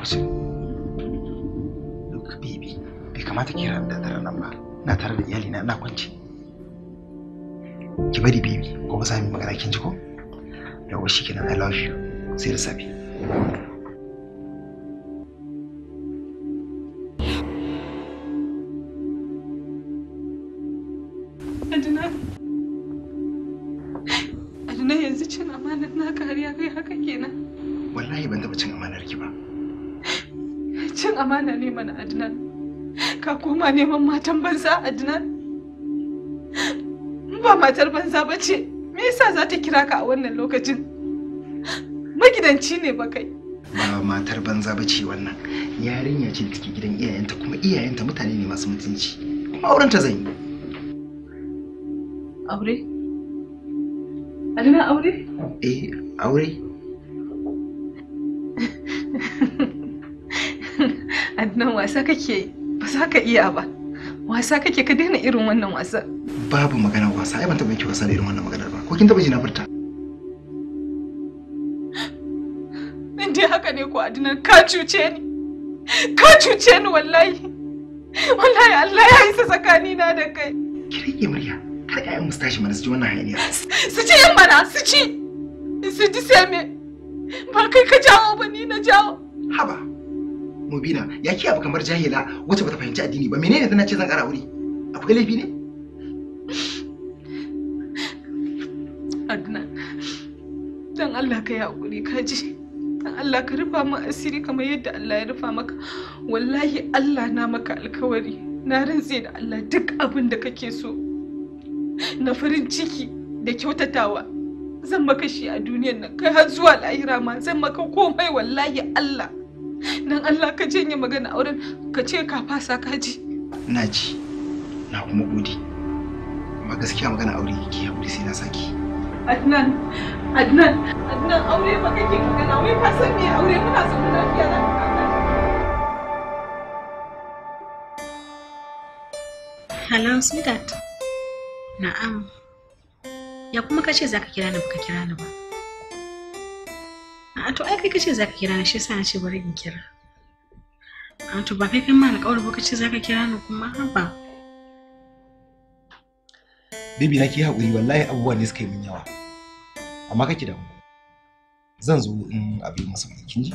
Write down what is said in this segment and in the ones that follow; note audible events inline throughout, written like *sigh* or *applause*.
lokacin look bibi bai kamata kira da daren nan ba na tare da iyali na kwance ki bari bibi gobe za mu magana kin ji ko yawa kenan you neman matan banza Adnan? Ba matar banza ba ce, me yasa za ta kira ka a wannan lokacin? Magidanci ne ba kai. Ba matar banza ba ce wannan, yarinya ce da take gidan iyayenta kuma iyayenta mutane ne masu mutunci, kuma aurenta zan yi. Aure? Adnan aure? Eh, aure. *laughs* Adnan wasa kake yi. ba za ka iya ba wasa kake ka daina irin wannan wasa babu magana wasa ai ban taba miki wasa da irin wannan maganar ba ko kin taba ji na furta in dai haka ne ko adinan ka cuce ni ka cuce ni wallahi wallahi Allah ya tsakani na da kai ki murya kar ka yi mustashi mana su ji wannan hayaniya su ci yan mana su ci su ji sai me ba kai ka jawo ba ni na jawo haba mubina ya ki abu kamar jahila wacce bata fahimci addini ba menene tana ce zan kara wuri akwai laifi ne Adnan dan Allah ka yi hakuri ka ji dan Allah ka rufa min asiri kamar yadda Allah ya rufa maka wallahi Allah na maka alkawari na rantse da Allah duk abin da kake so na farin ciki da kyautatawa zan maka shi a duniyar nan kai har zuwa lahira ma zan maka komai wallahi Allah Dan Allah ka janye magana auren ka ce ka fasa ka ji. Na ji, na kuma gode. Amma gaskiya magana aure ki haƙuri sai na saki. Adnan, Adnan, Adnan aure ba kake magana wai ka san me aure muna son lafiya na Hello, sweetheart. Na'am. Ya kuma kace zaka kira ni baka kira ni ba. a to ai kai kace zaka kira ni shi yasa na ce bari in kira a to ba kai kai ma alƙawari ba kace zaka kira ni kuma ba Bibi na ki haƙuri wallahi abubuwa ne suka yi min yawa amma kake da zan zo in abin masa kin ji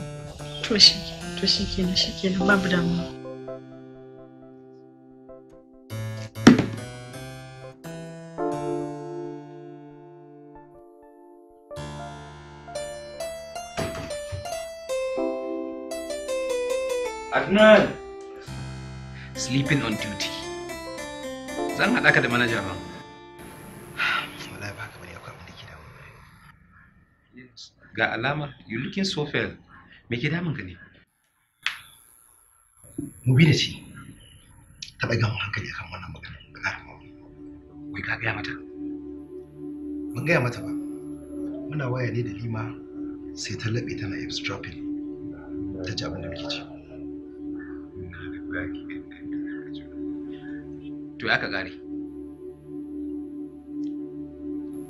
to shi to shi kenan shi kenan babu damuwa Adnan! Sleeping on duty. Zan haɗa ka da manaja ba. Wallahi ba haka bane akwai abin da ke damu. Ga alama, you looking so fair. Me ke damun ka ne? da shi. Ta ɗaga mu hankali akan wannan magana. Ka ƙara mu. Wai ka gaya mata? Ban gaya mata ba. Muna waya ne da Lima sai ta laɓe tana eavesdropping. Ta ji abin da muke ci. to ya ka gare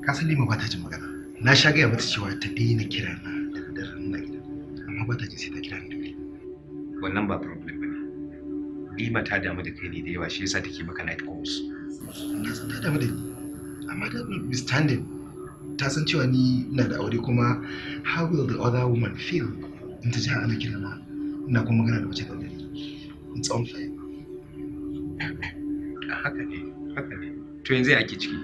ka san lima ba ta jin magana na sha gaya mata cewa ta daina kira na daga daren na gida amma ba ta jin sai ta kira ni dole wannan ba problem ba ne lima ta damu da kai ne da yawa shi yasa take maka night calls na san ta damu da ni amma ta da understanding ta san cewa ni ina da aure kuma how will the other woman feel in ta ji ana kira na ina kuma magana da mace da dare in tsawon haka ne haka ne to yanzu ya ke ciki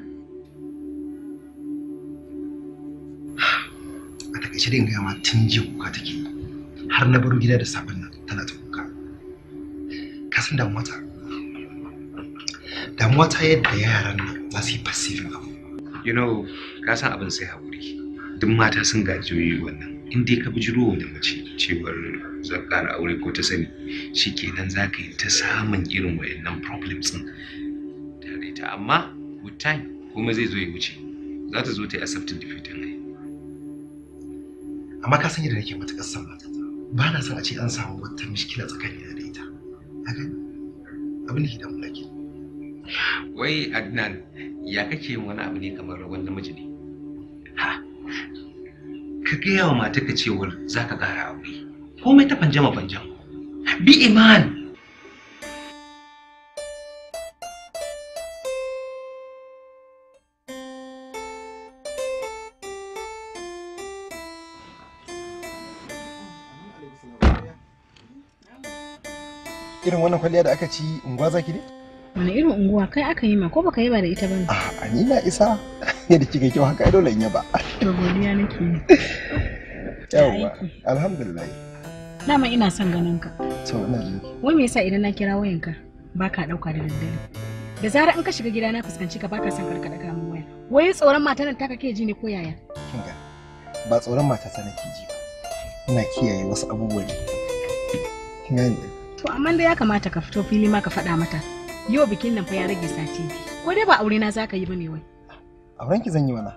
a takaice dai gaya ma tun jiya kuka take har na baro gida da safen nan tana ta kuka ka san damuwa ta damuwa ta yadda yaran nan za su yi passivin abu you know ka san abin sai haƙuri duk mata sun gajiyoyi wannan in dai ka bijiro da mace cewar za na aure ko ta sani shi kenan za ka yi ta samun irin wayannan problems ɗin tare ta amma with time kuma zai zo ya wuce za ta zo ta yi accepting defeat ɗin ai amma ka san yadda nake matuƙar son mata ba na son a ce an samu wata mishkila tsakanin da ita haka abin da ke damu nake wai adnan ya kake wani abu ne kamar wani namiji ne ka gaya wa mata ka cewar za ka ƙara aure komai ta fanjama fanjan bi iman irin wannan kwalliya da aka ci unguwa zaki ne? Wani irin unguwa kai aka yi ma ko baka yi ba da ita ba ne? A ni na isa. da kike kyau haka ai dole in ba. to godiya nake yi yawa alhamdulillah dama ina son ganin ka to ina ji. wai me yasa idan na kira wayanka baka dauka da daddare da zarar an ka shiga gida na fuskanci ka baka son karkada ka mu waya wai tsoron matan nan ta kake ji ne ko yaya kinga ba tsoron mata ta nake ji ba ina kiyaye wasu abubuwa ne gane to amma da ya kamata ka fito fili ma ka faɗa mata yau bikin nan fa ya rage sati ko dai ba aure na zaka yi bane wai auren ki zan yi mana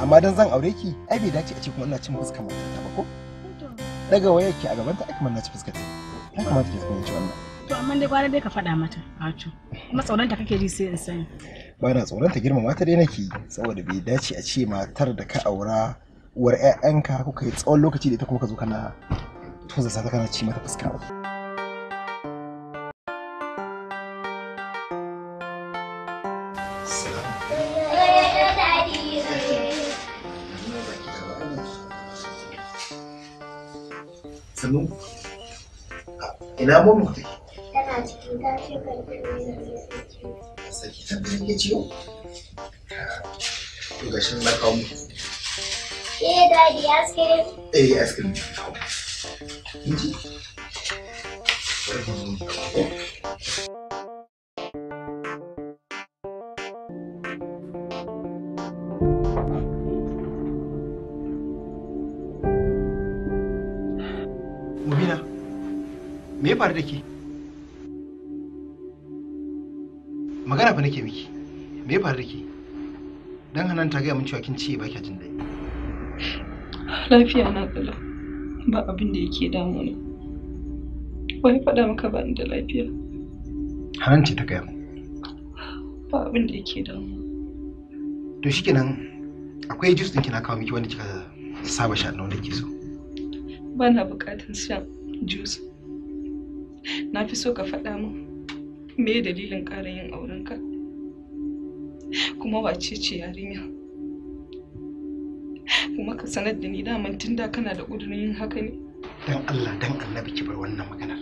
amma dan zan aure ki ai bai dace a ce kuma ina cin fuskar ta ba ko daga wayar ki a gaban ta ai kamar na ci fuska ta ya kamata ki ci wannan to amma dai gwara dai ka faɗa mata Fatu kuma tsoron ta kake ji sai in sani ba na tsoron ta girmama ta dai nake saboda bai dace a ce matar da ka aura uwar 'ya'yanka kuka yi tsawon lokaci da ita kuma ka zo kana tozasa ta kana ci mata fuska ba sannu ina mu tana cikin tashi sarki ta da ke ciwo to gashin na kawo mu eh ice cream eh ice cream min cewa kin ce ba kya jin dai. Lafiya na tsala ba abin da yake damuna. Wai faɗa maka ba ni da lafiya. Hanan ce ta gaya Ba abin da yake damu. To shikenan akwai jus ɗin kina kawo miki wanda kika saba sha wanda ke so. Ba na buƙatar shan jus. Na fi so ka faɗa min me dalilin ƙara yin aurenka. kuma wace ce yarinya *laughs* kuma ka sanar da ni daman tun da kana da ƙudurin yin haka ne dan Allah dan annabi ki bar wannan maganar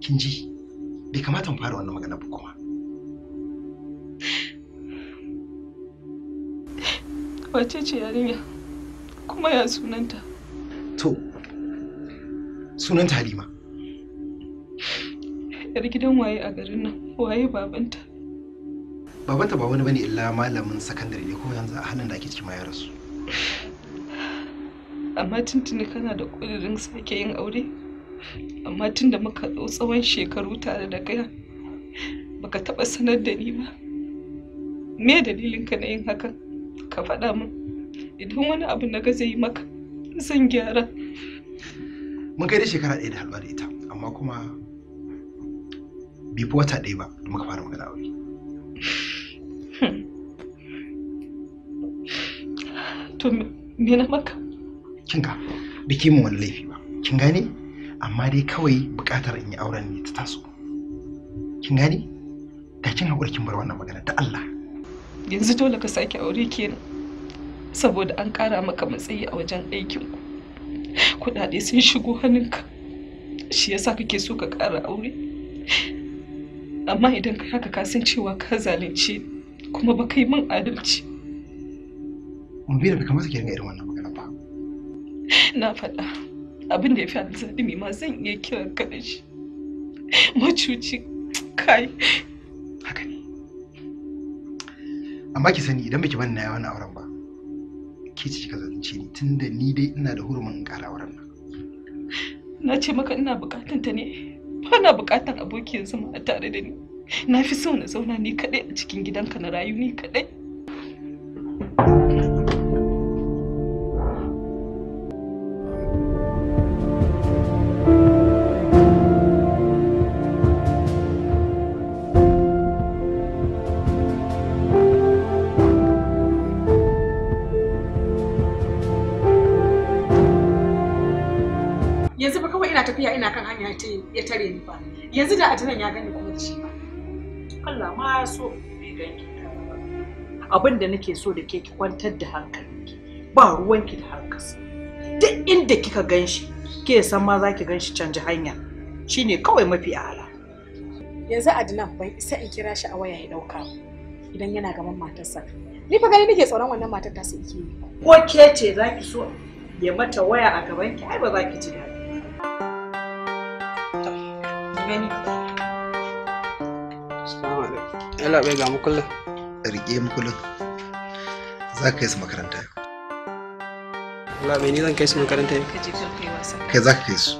kin ji bai kamata mu fara wannan maganar ba kuma *sighs* wace ce yarinya kuma ya sunanta to sunanta halima *sighs* yar gidan waye a garin nan waye babanta babanta ba wani bane illa malamin sakandare ne kuma yanzu a halin da ake cikin ma ya rasu amma tuntuni kana da ƙudurin sake yin aure amma tun da muka ɗau tsawon shekaru tare da kai baka taɓa sanar da ni ba me dalilin ka na yin hakan ka faɗa min idan wani abu na ga zai maka zan gyara mun kai da shekara ɗaya da halba da ita amma kuma bai fi wata ɗaya ba da muka fara magana aure to me na maka kin ga biki mu wani laifi ba kin gane amma dai kawai bukatar in yi auren ne ta taso kin gane da kin haƙura kin bar wannan magana ta Allah yanzu dole ka sake aure kenan saboda an ƙara maka matsayi a wajen aikin ku kuɗaɗe sun shigo hannunka shi yasa kake so ka ƙara aure amma idan ka haka ka san cewa ka zalunci kuma ba kai min adalci Mumbina bai kamata ki ringa irin wannan magana ba. Na faɗa abin da ya fi mai ma zan iya kiran ka da shi. Macuci kai. Haka ne. Amma ki sani idan baki bani na yawan auren ba. Ke ci kika zalunce ni tunda ni dai ina da hurumin in ƙara auren nan. Na ce maka ina bukatan ta ne. Ba na bukatan abokin zama a tare da ni. Na fi so na zauna ni kaɗai a cikin gidanka na rayu ni kaɗai. yanzu da ajinan ya gani kuma shi ba Allah ma so bai ganki abin da nake so da ke ki kwantar da hankalinki ba ruwanki da harkarsa duk inda kika ganshi ke san ma za ki ganshi canji hanya shine kawai mafi ala yanzu Adnan ban isa in kira shi a waya ya dauka idan yana gaban matarsa ni fa gani nake tsoron wannan matar ta su ke ko ke ce za ki so ya mata waya a gaban ki ai ba za ki ji daɗi za ka yi su makaranta yau zan kai su makaranta yau kai za ka kai su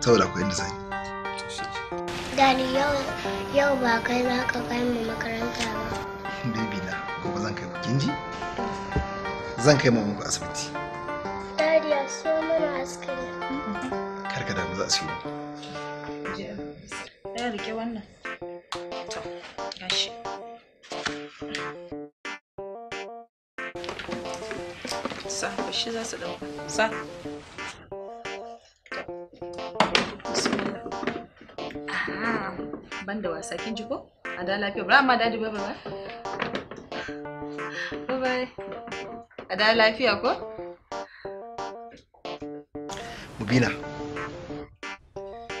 saboda akwai inda zan Dani yau ba kai za ka kai mu makaranta ba baby na gobe zan kai mu kinji zan kai mu muku asibiti Dadi so mana askari kar ka damu za su yi dan rike wannan to gashi sa bashi za su dauka sa ban da wasa kin ji ko a da lafiya bra amma dadi bye bye bye bye a da lafiya ko mubina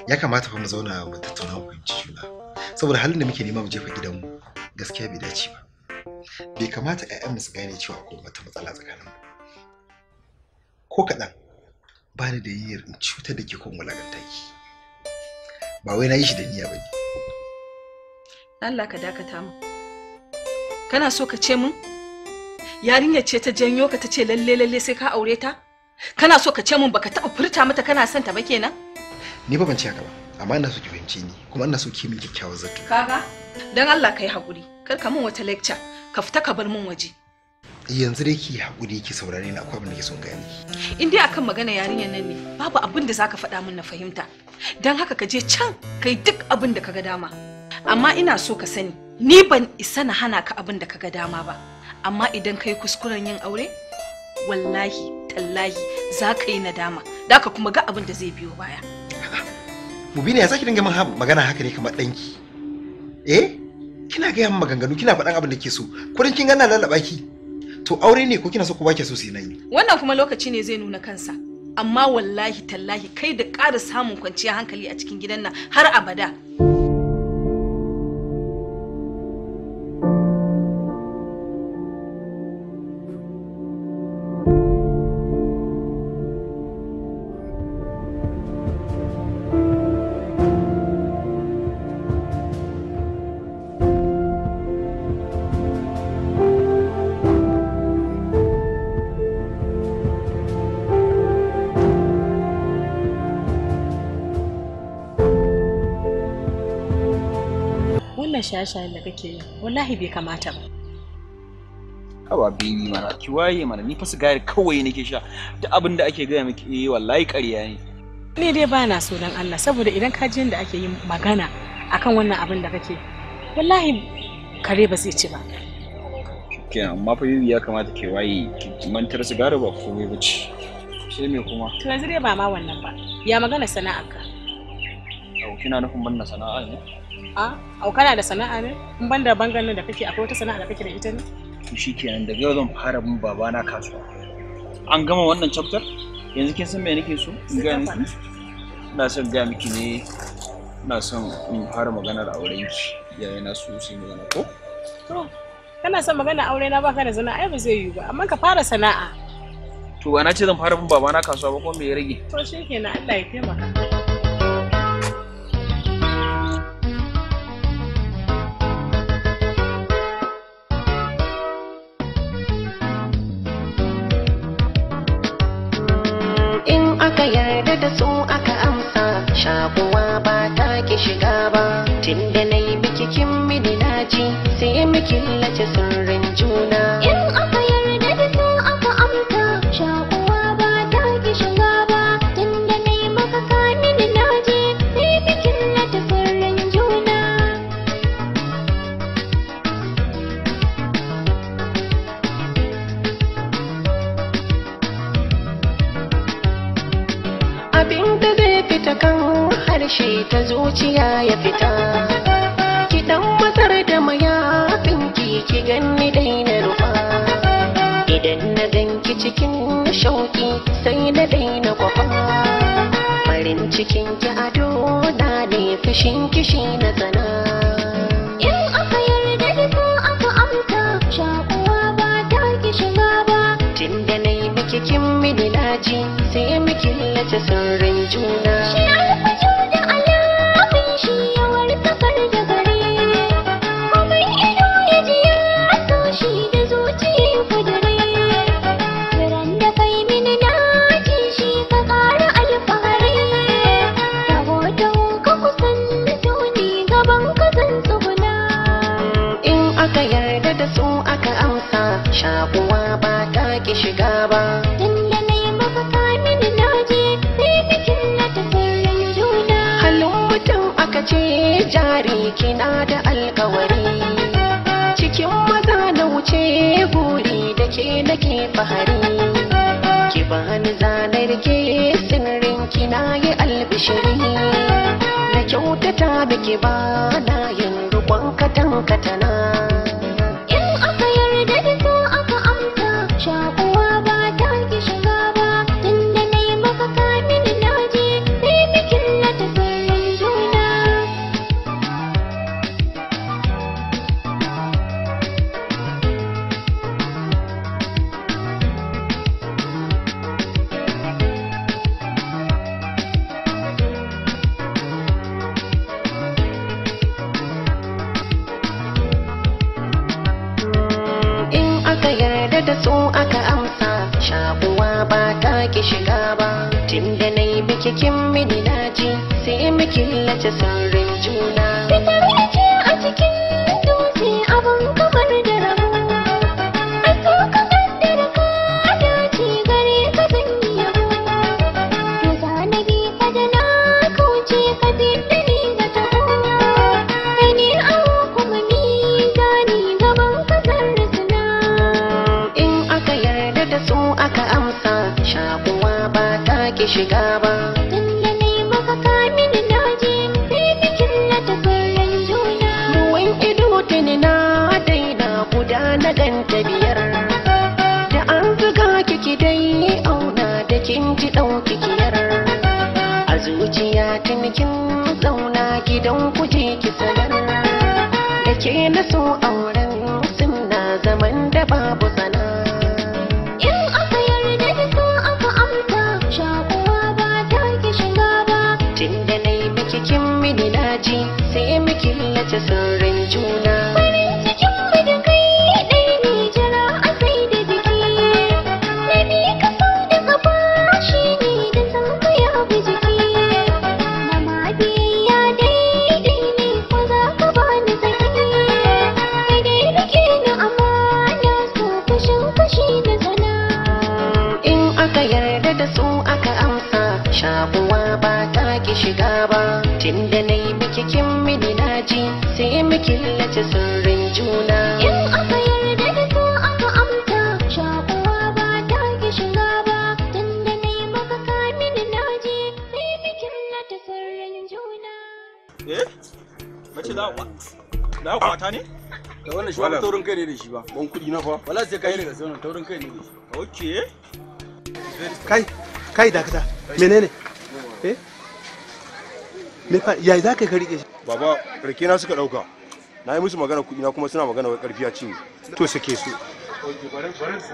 ya kamata fa mu zauna mu tattauna mu fahimci juna saboda halin da muke nema mu jefa gidanmu gaskiya bai dace ba bai kamata ƴaƴanmu su gane cewa akwai wata matsala tsakaninmu ko kaɗan ba ni da yiyar in cutar da ke kan wulakanta ki ba wai na yi shi da niyya ba ne Allah ka dakata mu kana so ka ce mun yarinyar ce ta janyo ka ta ce lalle lalle sai ka aure ta kana so ka ce mun baka taɓa furta mata kana son ta ba kenan ni fa ban ci haka ba amma ina so ki fahimci ni kuma ina so ki min kyakkyawar zato kaga dan Allah kai hakuri kar ka min wata lecture ka fita ka bar mun waje yanzu dai ki hakuri ki saurare ni akwai abin da ke son gani in dai akan magana yarinyar nan ne babu abin da zaka faɗa min na fahimta dan haka ka je can kai duk abin da kaga dama amma ina so ka sani ni ban isa na hana ka abin da kaga dama ba amma idan kai kuskuren yin aure wallahi tallahi za ka yi nadama daka kuma ga abin da zai biyo baya mubina ya zaki dinga min magana haka ne kamar danki eh kina ga yamma maganganu kina faɗan abin da ke so kurin kin gana lalaba ki to aure ne ko kina so k'u ba so sai nayi wannan kuma lokaci ne zai nuna kansa amma wallahi tallahi kai da ƙara samun kwanciyar hankali a cikin gidan nan har abada shaye-shayen da kake yi wallahi bai kamata ba awa bibi mana ki waye mana ni fa sigari kawai nake sha duk abin da ake gaya miki eh wallahi ƙarya ne ni dai ba na so dan Allah saboda idan ka ji yadda ake yin magana akan wannan abin da kake wallahi kare ba zai ci ba ke amma fa ya kamata ke waye ki mantar sigari ba komai ba ci sai me kuma to yanzu dai ba ma wannan ba ya magana sana'arka kina nufin banna sana'a ne A, au kana da sana'a ne? In ban da bangan nan da kake akwai wata sana'a da kake da ita ne? To shikenan daga yau zan fara bin babana kasuwa. An gama wannan chapter? Yanzu kin san me nake so? In ga miki. Ina son ga miki ne ina son in fara maganar auren ki. Yaya na so sai magana ko? To, kana son magana aure na baka da sana'a ai ba zai yiwu ba, amma ka fara sana'a. To, ana ce zan fara bin babana kasuwa ba ko me ya rage? To shikenan Allah ya taimaka. shakuwa ba ta ki shiga ba tinda na miki kin mini sai miki lace sirrin juna shauki sai na daina kwafa farin cikin ki ado na ne fushin kishi na tsana in aka yarda ko aka amsa shakuwa ba ta ki shiga ba tun da na yi miki kin sai miki lace sirrin juna su aka amsa shakuwa ba ta ki shiga ba tunda na yi maka kamin naje sai bikin na aka ce jari kina da alkawari cikin maza na wuce guri da ke nake fahari ki bani zanar ke sirrin kina yi albishiri na kyautata da ki ba na yin rukon katan katana Oh. so aka amsa shakuwa ba ta ki shiga ba tunda da na yi bikikin mini daji sai miki lace sarrin juna shiga ba dandali baka kamini naje sai da killata juna ruwan ido tuni na daina guda na ganta biyar da an ki kiki dai auna da kin ji ɗauki kiyar a zuciya tuni kin zauna gidan kuje ki sanar da na so auren sun na zaman da babu sana'a mini naji sai mu killace sirrin juna mu killace sirrin juna in yarda da aka amta shakuwa ba ta ki shiga ba tunda sai juna eh? mace kwata ne da wannan shi ba taurin kai ne da shi ba ban kudi na fa wala sai kai ne da sanin taurin kai ne shi okay kai kai dakata menene eh me fa yayi ka rike shi baba rike na suka dauka na yi musu magana kuɗi na kuma suna magana wai ƙarfi ya cinye to suke su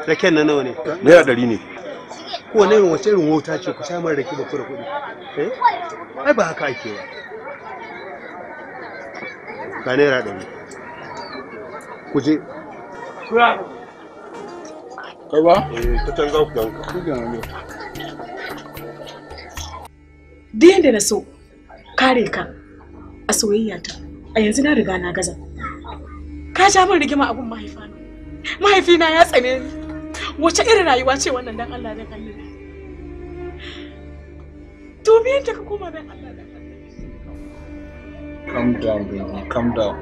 raken na nawa ne naira ɗari ne ko ne irin wace irin wauta ce ku samar rake ba kura kuɗi eh? ai ba haka ake ba ga naira ɗari ku je kura kai ba eh ta canza ku ganka ku ganka ne Dinda na so kare ka a soyayya ta a yanzu na riga na gaza ka ja min rigima abun mahaifa mahaifina ya tsane ni wace irin rayuwa ce wannan dan Allah dan Allah dubi yadda ka koma dan Allah dan calm down baby calm down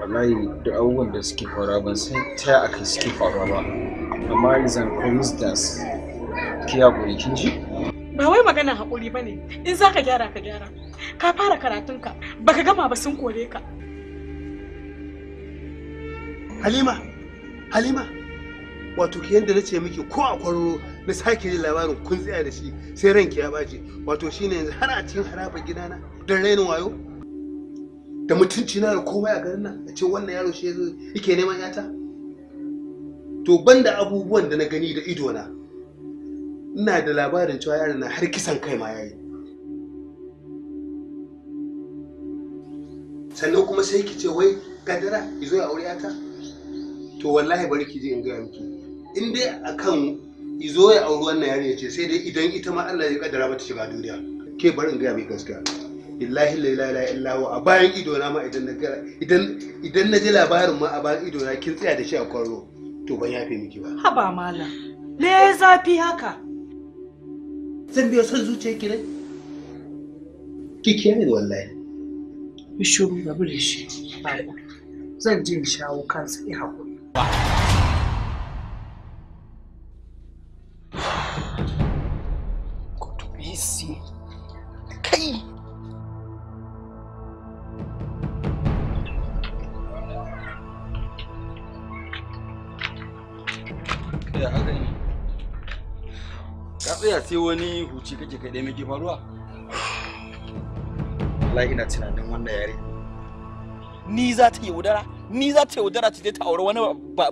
wallahi duk abubuwan da suke faruwa ban san ta aka suke faruwa ba amma is an coincidence ki hakuri kin ji ba wai magana hakuri ba ne in za ka gyara ka gyara ka fara karatunka ba ka gama ba sun kore ka halima halima wato ke yadda na ce miki ko a kwaroro na sake ni labarin kun tsaya da shi sai ranki ya baje wato shine yanzu har a cikin harabar gidana don rainin wayo da mutunci na da komai a garin nan a ce wannan yaro shi yake neman yata to banda abubuwan da na gani da idona ina da labarin cewa yaron na har kisan kai ma yayi sannan kuma sai ki ce wai kadara izo ya aure ta to wallahi bari ki je in gaya miki in dai akan izo ya auri wannan yarinya ce sai dai idan ita ma Allah ya kaddara mata shiga duniya ke bari in gaya miki gaskiya billahi la ilaha illa huwa a bayan ido na ma idan na idan idan na ji labarin ma a bayan ido na kin tsaya da shi a kwaro to ban yafe miki ba haba malam me zafi haka zan biyo son zuciyar ki ne ki ne wallahi ki shuru rabu da shi zan je in shawo kansa ya hakuri wani huci kake kai ɗaya muke faruwa? Allah ina tunanin wannan yare. Ni za ta yi udara? Ni za ta yi udara ta je ta aure wani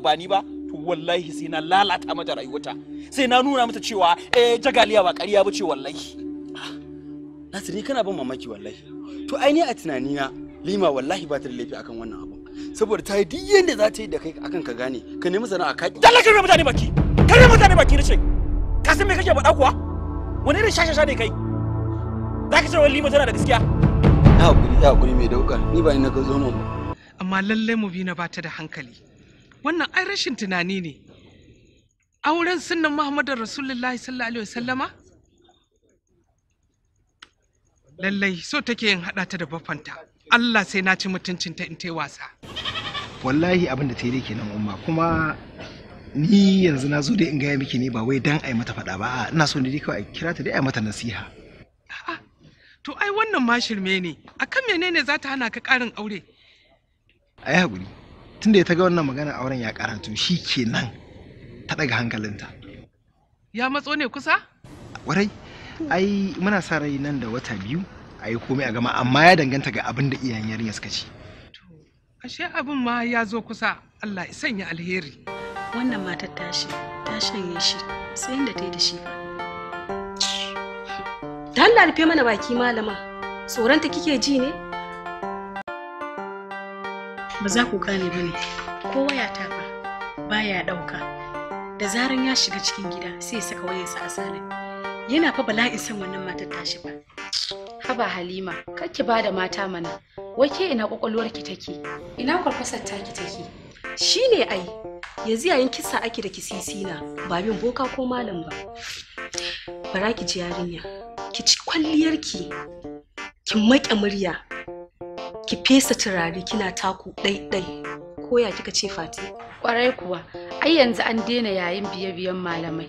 ba ni ba? To wallahi sai na lalata mata rayuwarta. Sai na nuna mata cewa eh jagaliya ba ƙarya ba ce wallahi. Nasir ni kana ban mamaki wallahi. To ai ni a tunanina Lima wallahi ba ta da laifi akan wannan abu. Saboda ta yi duk yadda za ta yi da kai akan ka gane ka nemi sana'a ka. Dalla kare mutane baki. Kare mutane baki na ce. Ka san me kake faɗa kuwa? wani irin shashasha ne kai za ka cewa lima tana da gaskiya ya hakuri ya hakuri mai dauka ni ba ni na ka zo ba amma lallai mu bi na ba ta da hankali wannan ai rashin tunani ne auren sunnan muhammadu rasulullahi sallallahu alaihi wasallama lallai so take yin haɗa ta da bafanta Allah sai na ci mutuncinta in yi wasa wallahi abin da ta yi kenan umma kuma ni yanzu na zo dai in gaya miki ne ba wai dan ai mata faɗa ba ina so ne dai kawai kira ta dai ai mata nasiha to ai wannan ma shirme ne akan menene za ta hana ka karin aure ai hakuri tunda ta ga wannan magana auren ya karanto shi nan ta daga hankalinta ya matso ne kusa warai ai muna sa rai nan da wata biyu ayi komai a gama amma ya danganta ga abin da iyayen yarinya suka To ashe abin ma ya zo kusa Allah ya sanya alheri wannan matar tashi ta shanye shi sai inda ta yi da shi fa ta Allah rufe mana baki malama tsoronta kike ji ne ba za ku gane ba ne ko waya ta ba ya ɗauka da zaran ya shiga cikin gida sai ya saka wayarsa a salin yana fa bala'in san wannan matar tashi ba. haba halima ki ba da mata mana wake ina kwakwalwarki take ina kwarkwasar taki take ne ai yanzu yayin kisa ake da kisisi na ba bin boka ko malam ba bara ki ji yarinya ki ci kwalliyarki ki maƙe murya ki fesa turare kina taku ɗaiɗai koya kika ce fati ƙwarai kuwa ai yanzu an daina yayin biye-biyen malamai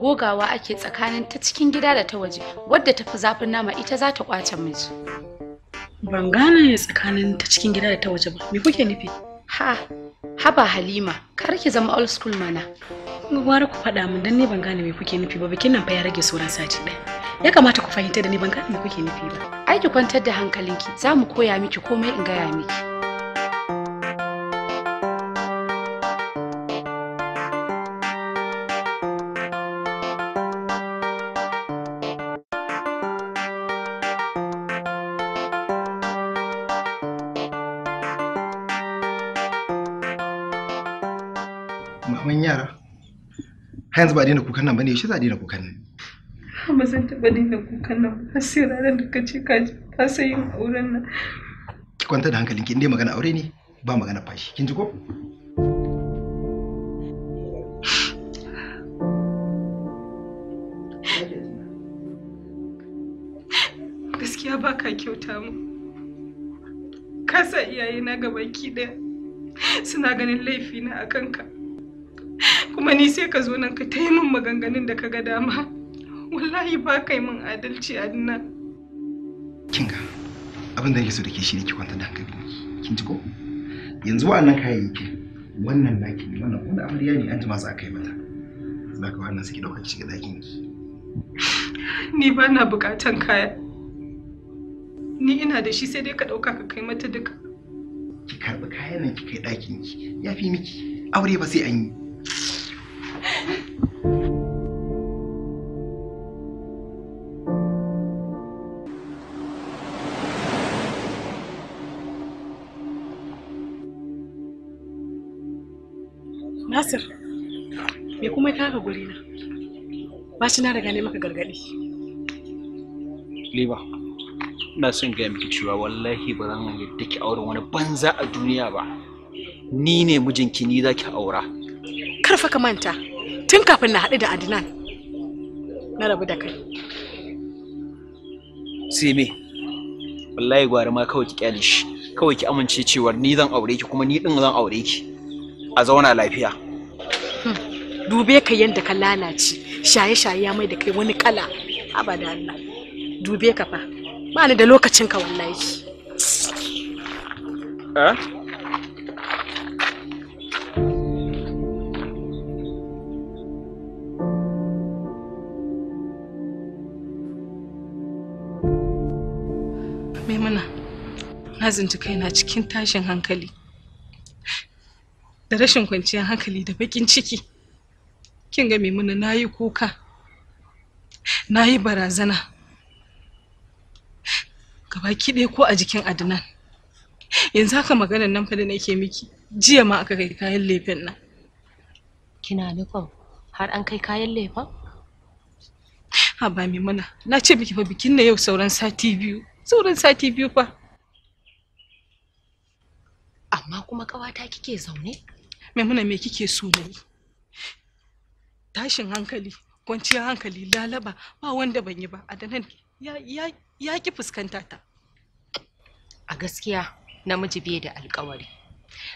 gogawa ake tsakanin ta cikin gida da ta waje wadda ta fi zafin nama ita za ta kwace miji ban gane tsakanin ta cikin gida da ta waje ba me kuke nufi ha haba halima kar ki zama old school mana gwara ku faɗa min dan ne ban gane me kuke nufi ba bikin nan fa ya rage sauran sati ɗaya ya kamata ku fahimta da ni ban gane me kuke nufi ba ai ki kwantar da hankalinki za mu koya miki komai in gaya miki kaman yara har yanzu ba daina kukan nan bane yaushe za a daina kukan nan ba zan taɓa daina kukan nan ba sai ranar da ka ce ka ka sai yin auren nan ki kwanta da hankalinki in dai magana aure ne ba magana fashi kin ji ko gaskiya ba ka kyauta mu ka sa iyaye na ki ɗaya suna ganin laifi na akan ka kuma ni sai ka zo nan ka ta yi min maganganun da ka ga dama wallahi ba kai min adalci a nan kinga abin da yake so da ke shi ne ki kwanta da hankali kin ji ko yanzu wa'annan kayayyaki wannan naki ne wannan wani amarya ne an ji masu aka yi mata za ka wannan suke ɗaukar shiga ɗakin ki ni ba na buƙatan kaya ni ina da shi sai dai ka ɗauka ka kai mata duka ki karɓi kayan nan ki kai ɗakin ki ya fi miki aure ba sai an yi Nasir, me kuma kaga guri na? shi na riga ne maka gargaɗi. Liba, ina son gaya miki cewa wallahi ba zan yi take auren wani banza a duniya ba. Ni ne mijinki ni za ki aura. Karfa ka manta. tun kafin na haɗu da adnan na rabu da kai sai me wallahi gwari ma kawai ki kyale shi kawai ki amince cewa ni zan aure ki kuma ni din zan aure ki a zauna lafiya hmm. dube ka yanda ka lalace shaye-shaye ya mai da kai wani kala abada Allah dube ka fa ba ni da lokacin ka wallahi eh Azin ta kaina cikin tashin hankali da rashin kwanciyar hankali da bakin ciki kin ga maimuna na yi kuka na yi barazana gabaki ɗaya ko a jikin adnan yanzu haka maganar nan fa da nake miki jiya ma aka kai kayan lefen nan kina nufin har an kai kayan lefen ha ba mimuna na ce miki fa bikin na yau sauran sati biyu sauran sati biyu fa amma kuma ƙawata kike zaune maimuna me kike so da tashin hankali kwanciyar hankali lalaba ba wanda ban yi ba adanan ya ya ya ki fuskanta ta a gaskiya namiji bai da alkawari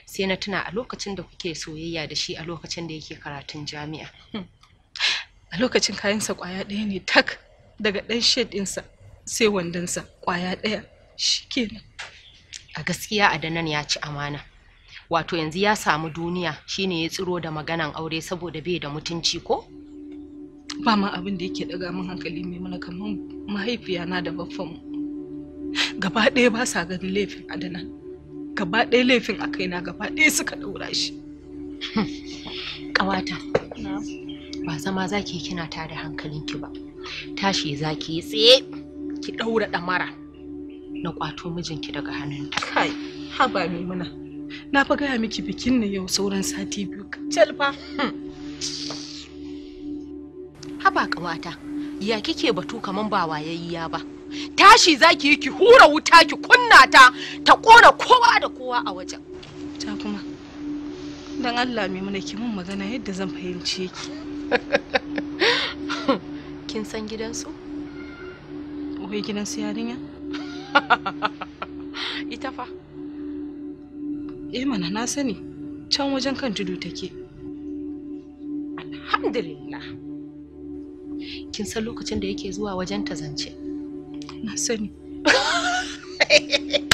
sai na tuna a lokacin da kuke soyayya da shi a lokacin da yake karatun jami'a hmm. a lokacin kayansa kwaya ɗaya ne tak daga ɗan shed ɗinsa sai wandonsa kwaya ɗaya shikenan a gaskiya adanan ya ci amana wato yanzu ya samu duniya shine ya tsiro da maganan aure saboda bai da mutunci ko ba ma abin da yake daga min hankali mai mana kamar mahaifiya na da baffanmu gaba ɗaya ba sa ganin laifin adanan gaba ɗaya laifin a kaina gaba ɗaya suka ɗaura shi ƙawata ba zama zaki kina tada hankalinki ba tashi zaki tsaye ki ɗaura ɗamara na kwato mijinki daga hannunta. Kai, haba muna. Na fa gaya miki bikin na yau sauran sati biyu kacal fa. Hmm. Haba kamata, ya kike batu kaman ba wayayya ba. Tashi za ki yi ki hura wuta ki kunna ta ta ƙona kowa da kowa a wajen. Ta kuma, don Allah muna ki mun magana yadda zan fahimce ki. *laughs* Kin san gidansu? Wai gidansu yarinya? *laughs* ita fa eh mana na sani can wajen kan tudu take alhamdulillah kin san lokacin da yake zuwa wajen ta zance na sani *laughs*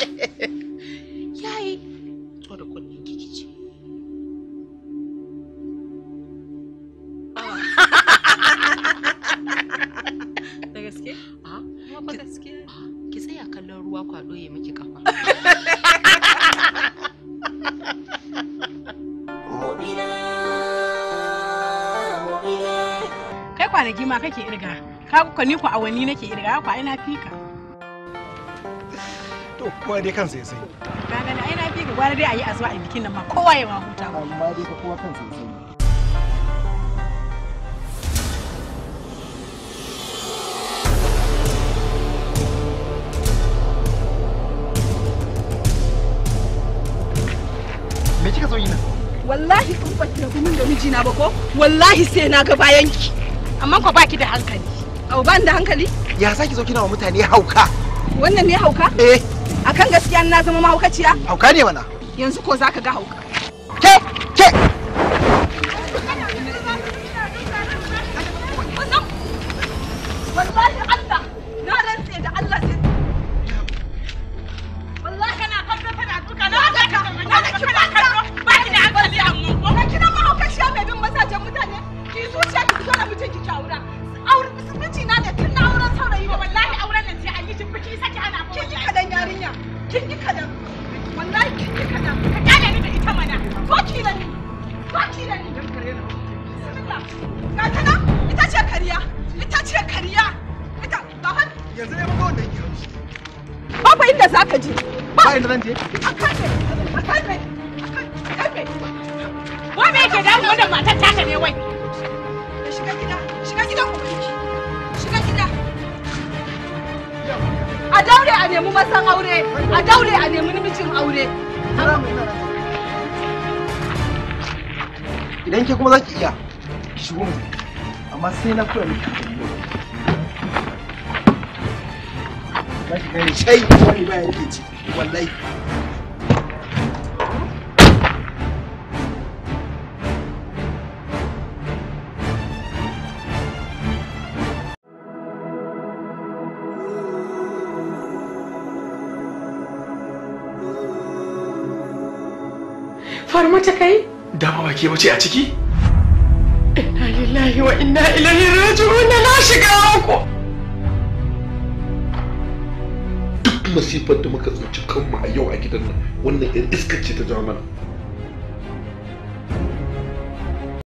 kake irga ka ku ni ku awanni nake irga ku ai na fika to kowa dai kansa ya sai ka ga ai na fika gwara dai ayi azuwa a bikin nan ma kowa ya ma huta amma dai kowa kansa ya sai Me kika zo yi nan? Wallahi kun baki gumin da mijina ba ko? Wallahi sai na ga bayanki. amma ko baki da hankali au ban da hankali ya saki zo kina wa mutane hauka wannan ne hauka eh akan gaskiya na zama mahaukaciya hauka ne mana yanzu ko zaka ga hauka wannan matar taka ne wai. Shiga gida, shiga gida ku Shiga gida. A daure a nemi masan aure, a daure a nemi namijin aure. Idan ke kuma za ki iya, ki shigo mu. Amma sai na koya miki Za ki shai wani ba yake ci, wallahi. ta kai dama ba ke bace a ciki inna lillahi wa inna ilaihi raji'un na shiga ku duk masifar da muka tsinci kanmu a yau a gidan nan wannan iskar ce ta jawo mana